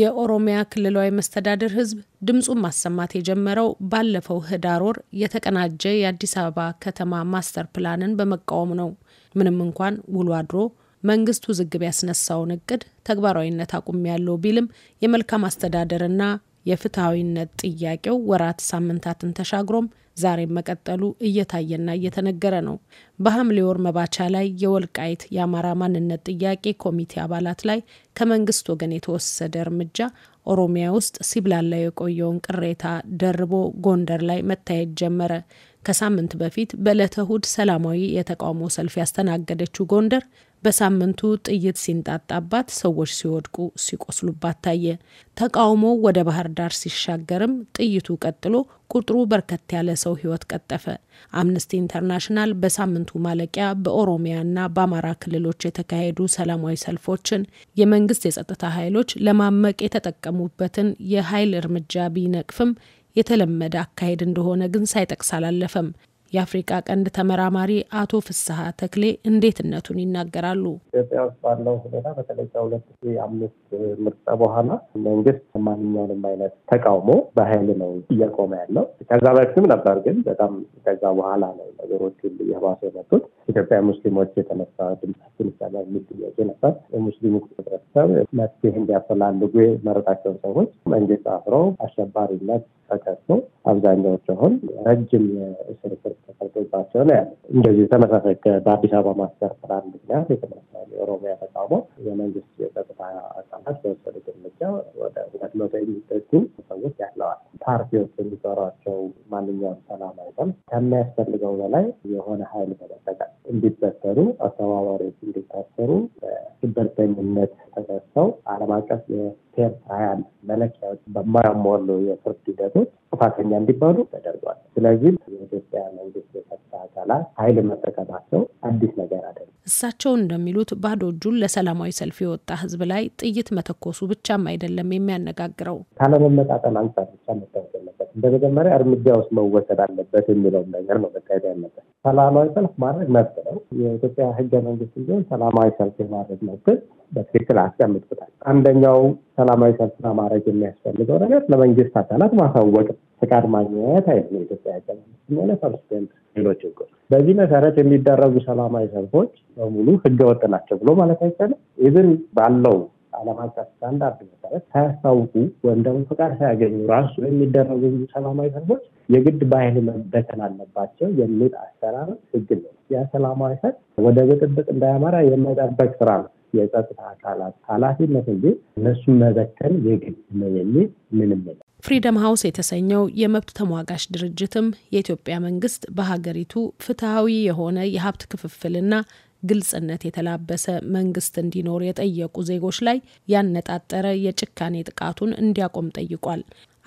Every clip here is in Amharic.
የኦሮሚያ ክልላዊ መስተዳድር ህዝብ ድምፁን ማሰማት የጀመረው ባለፈው ህዳር ወር የተቀናጀ የአዲስ አበባ ከተማ ማስተር ፕላንን በመቃወም ነው። ምንም እንኳን ውሎ አድሮ መንግስት ውዝግብ ያስነሳውን እቅድ ተግባራዊነት አቁም ያለው ቢልም የመልካም አስተዳደርና የፍትሐዊነት ጥያቄው ወራት ሳምንታትን ተሻግሮም ዛሬም መቀጠሉ እየታየና እየተነገረ ነው። በሐምሌ ወር መባቻ ላይ የወልቃይት የአማራ ማንነት ጥያቄ ኮሚቴ አባላት ላይ ከመንግስት ወገን የተወሰደ እርምጃ ኦሮሚያ ውስጥ ሲብላላ የቆየውን ቅሬታ ደርቦ ጎንደር ላይ መታየት ጀመረ። ከሳምንት በፊት በዕለተ እሁድ ሰላማዊ የተቃውሞ ሰልፍ ያስተናገደችው ጎንደር በሳምንቱ ጥይት ሲንጣጣባት፣ ሰዎች ሲወድቁ፣ ሲቆስሉባት ታየ። ተቃውሞው ወደ ባህር ዳር ሲሻገርም ጥይቱ ቀጥሎ ቁጥሩ በርከት ያለ ሰው ሕይወት ቀጠፈ። አምነስቲ ኢንተርናሽናል በሳምንቱ ማለቂያ በኦሮሚያና በአማራ ክልሎች የተካሄዱ ሰላማዊ ሰልፎችን የመንግስት የጸጥታ ኃይሎች ለማመቅ የተጠቀሙበትን የኃይል እርምጃ ቢነቅፍም የተለመደ አካሄድ እንደሆነ ግን ሳይጠቅስ አላለፈም። የአፍሪቃ ቀንድ ተመራማሪ አቶ ፍስሀ ተክሌ እንዴትነቱን ይናገራሉ። ኢትዮጵያ ውስጥ ባለው ሁኔታ በተለይ ከሁለት ሺ አምስት ምርጫ በኋላ መንግስት ማንኛውንም አይነት ተቃውሞ በኃይል ነው እየቆመ ያለው። ከዛ በፊትም ነበር፣ ግን በጣም ከዛ በኋላ ነው ነገሮች ሁሉ እየባሰ መጡት። ኢትዮጵያ ሙስሊሞች የተነሳ ድምጻችን ይሰማ የሚል ጥያቄ ነበር። የሙስሊሙ ህብረተሰብ መፍትሄ እንዲያፈላልጉ የመረጣቸውን ሰዎች መንግስት አፍሮ አሸባሪነት ተከሶ አብዛኛዎች አሁን ረጅም የእስር ፍርድ ተፈርዶባቸው ነው ያለ። እንደዚህ ተመሳሳይ በአዲስ አበባ ማስተር ስራ ምክንያት የተነሳ ኦሮሚያ ተቃውሞ የመንግስት የጸጥታ አካላት በወሰዱት እርምጃ ወደ ሁለት መቶ የሚጠጉ ሰዎች ያለዋል። ፓርቲዎች የሚጠሯቸው ማንኛውም ሰላማዊ ሰልፍ ከሚያስፈልገው በላይ የሆነ ሀይል በመጠቀም እንዲበተሩ፣ አስተባባሪዎች እንዲታሰሩ ሽብርተኝነት ተከሰው ዓለም አቀፍ የፌር ትራያል መለኪያዎች በማያሟሉ የፍርድ ሂደቶች ጥፋተኛ እንዲባሉ ተደርጓል። ስለዚህ የኢትዮጵያ መንግስት የጸጥታ አካላት ሀይል መጠቀማቸው አዲስ ነገር አይደለም። እሳቸው እንደሚሉት ባዶ እጁን ለሰላማዊ ሰልፍ የወጣ ህዝብ ላይ ጥይት መተኮሱ ብቻም አይደለም የሚያነጋግረው። ካለመመጣጠን አንጻር ብቻ መታወቅ ያለበት በመጀመሪያ እርምጃ ውስጥ መወሰድ አለበት የሚለውን ነገር ነው መታየት ያለበት። ሰላማዊ ሰልፍ ማድረግ መብት ነው። የኢትዮጵያ ህገ መንግስት እንዲሆን ሰላማዊ ሰልፍ የማድረግ መብት በትክክል አስቀምጥበታል። አንደኛው ሰላማዊ ሰልፍ ማድረግ የሚያስፈልገው ነገር ለመንግስት አካላት ማሳወቅ ፍቃድ ማግኘት አይደለም። የኢትዮጵያ ህገ መንግስት ሆነ ሌሎች ህጎች በዚህ መሰረት የሚደረጉ ሰላማዊ ሰልፎች በሙሉ ህገወጥ ናቸው ብሎ ማለት አይቻልም። ኢቭን ባለው ዓለም አቀፍ ስታንዳርድ መሰረት ሳያስታውቁ ወይም ደግሞ ፈቃድ ሳያገኙ ራሱ የሚደረጉ ሰላማዊ ሰልፎች የግድ በኃይል መበተን አለባቸው የሚል አሰራር ህግ ነው። ያ ሰላማዊ ሰልፍ ወደ ብጥብጥ እንዳያመራ የመጠበቅ ስራ ነው የጸጥታ አካላት ኃላፊነት እንጂ እነሱን መበተን የግድ ነው የሚል ምንም ፍሪደም ሀውስ የተሰኘው የመብት ተሟጋች ድርጅትም የኢትዮጵያ መንግስት በሀገሪቱ ፍትሐዊ የሆነ የሀብት ክፍፍልና ግልጽነት የተላበሰ መንግስት እንዲኖር የጠየቁ ዜጎች ላይ ያነጣጠረ የጭካኔ ጥቃቱን እንዲያቆም ጠይቋል።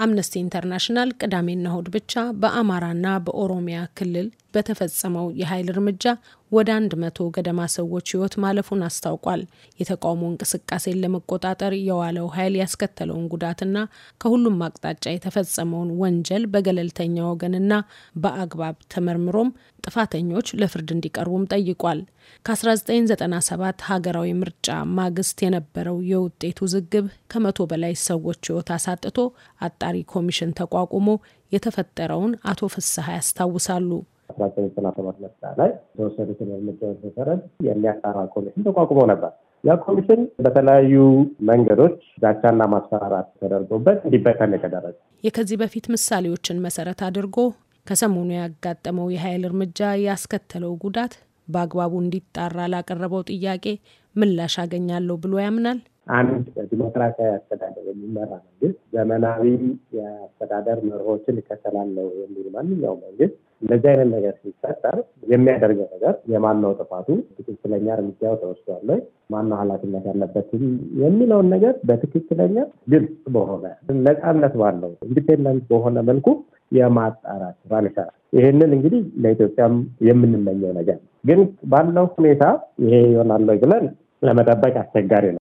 አምነስቲ ኢንተርናሽናል ቅዳሜና እሁድ ብቻ በአማራና በኦሮሚያ ክልል በተፈጸመው የኃይል እርምጃ ወደ አንድ መቶ ገደማ ሰዎች ህይወት ማለፉን አስታውቋል። የተቃውሞ እንቅስቃሴን ለመቆጣጠር የዋለው ኃይል ያስከተለውን ጉዳትና ከሁሉም አቅጣጫ የተፈጸመውን ወንጀል በገለልተኛ ወገንና በአግባብ ተመርምሮም ጥፋተኞች ለፍርድ እንዲቀርቡም ጠይቋል። ከ1997 ሀገራዊ ምርጫ ማግስት የነበረው የውጤት ውዝግብ ከመቶ በላይ ሰዎች ህይወት አሳጥቶ አጣሪ ኮሚሽን ተቋቁሞ የተፈጠረውን አቶ ፍስሐ ያስታውሳሉ። አስራ ዘጠኝ ዘጠና ሰባት ምርጫ ላይ የተወሰዱትን እርምጃዎች መሰረት የሚያጣራ ኮሚሽን ተቋቁሞ ነበር። ያ ኮሚሽን በተለያዩ መንገዶች ዛቻና ማስፈራራት ተደርጎበት እንዲበተን የተደረገ የከዚህ በፊት ምሳሌዎችን መሰረት አድርጎ ከሰሞኑ ያጋጠመው የኃይል እርምጃ ያስከተለው ጉዳት በአግባቡ እንዲጣራ ላቀረበው ጥያቄ ምላሽ አገኛለሁ ብሎ ያምናል። አንድ በዲሞክራሲያዊ አስተዳደር የሚመራ መንግስት ዘመናዊ የአስተዳደር መርሆችን ይከተላለው የሚል ማንኛውም መንግስት እንደዚህ አይነት ነገር ሲፈጠር የሚያደርገው ነገር የማነው ጥፋቱ፣ ትክክለኛ እርምጃው ተወስዷል፣ ማነው ኃላፊነት ያለበትም የሚለውን ነገር በትክክለኛ ግልጽ በሆነ ነፃነት ባለው ኢንዲፔንደንት በሆነ መልኩ የማጣራት ስራ ይሰራል። ይህንን እንግዲህ ለኢትዮጵያም የምንመኘው ነገር ነው። ግን ባለው ሁኔታ ይሄ ይሆናል ብለን ለመጠበቅ አስቸጋሪ ነው።